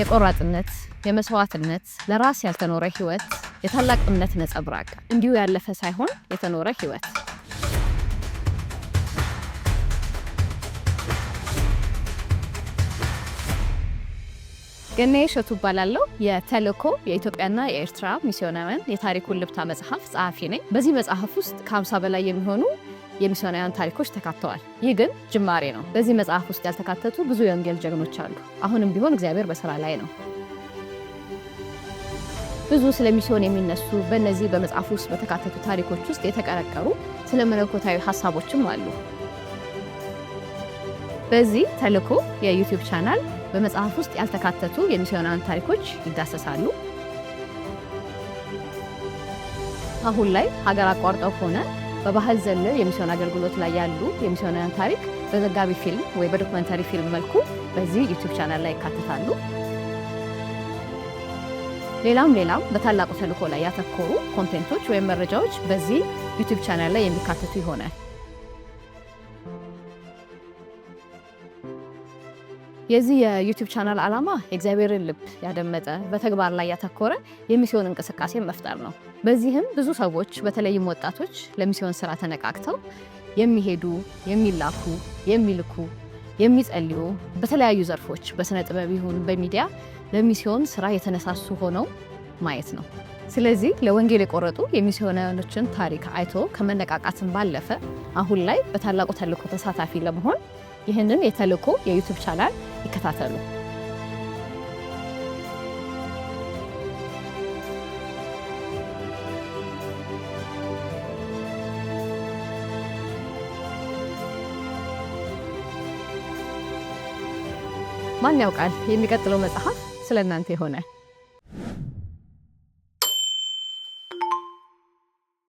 የቆራጥነት፣ የመስዋዕትነት፣ ለራስ ያልተኖረ ህይወት፣ የታላቅ እምነት ነጸብራቅ፣ እንዲሁ ያለፈ ሳይሆን የተኖረ ህይወት። ገና የሸቱ እባላለሁ። የተልእኮ የኢትዮጵያና የኤርትራ ሚስዮናውያን የታሪኩን ልብታ መጽሐፍ ጸሐፊ ነኝ። በዚህ መጽሐፍ ውስጥ ከ50 በላይ የሚሆኑ የሚስዮናውያን ታሪኮች ተካተዋል። ይህ ግን ጅማሬ ነው። በዚህ መጽሐፍ ውስጥ ያልተካተቱ ብዙ የወንጌል ጀግኖች አሉ። አሁንም ቢሆን እግዚአብሔር በስራ ላይ ነው። ብዙ ስለ ሚስዮን የሚነሱ በእነዚህ በመጽሐፍ ውስጥ በተካተቱ ታሪኮች ውስጥ የተቀረቀሩ ስለ መለኮታዊ ሀሳቦችም አሉ። በዚህ ተልዕኮ የዩቲዩብ ቻናል በመጽሐፍ ውስጥ ያልተካተቱ የሚስዮናውያን ታሪኮች ይዳሰሳሉ። አሁን ላይ ሀገር አቋርጠው ከሆነ በባህል ዘለ የሚስዮን አገልግሎት ላይ ያሉ የሚስዮናውያን ታሪክ በዘጋቢ ፊልም ወይ በዶክመንታሪ ፊልም መልኩ በዚህ ዩቱብ ቻናል ላይ ይካተታሉ። ሌላም ሌላም በታላቁ ተልዕኮ ላይ ያተኮሩ ኮንቴንቶች ወይም መረጃዎች በዚህ ዩቱብ ቻናል ላይ የሚካተቱ ይሆናል። የዚህ የዩቲዩብ ቻናል ዓላማ የእግዚአብሔርን ልብ ያደመጠ በተግባር ላይ ያተኮረ የሚስዮን እንቅስቃሴን መፍጠር ነው። በዚህም ብዙ ሰዎች በተለይም ወጣቶች ለሚስዮን ስራ ተነቃቅተው የሚሄዱ፣ የሚላኩ፣ የሚልኩ፣ የሚጸልዩ በተለያዩ ዘርፎች በስነ ጥበብ ይሁን በሚዲያ ለሚስዮን ስራ የተነሳሱ ሆነው ማየት ነው። ስለዚህ ለወንጌል የቆረጡ የሚስዮናውያኖችን ታሪክ አይቶ ከመነቃቃትን ባለፈ አሁን ላይ በታላቁ ተልእኮ ተሳታፊ ለመሆን ይህንን የተልእኮ የዩቱብ ቻናል ይከታተሉ። ማን ያውቃል የሚቀጥለው መጽሐፍ ስለ እናንተ ይሆናል።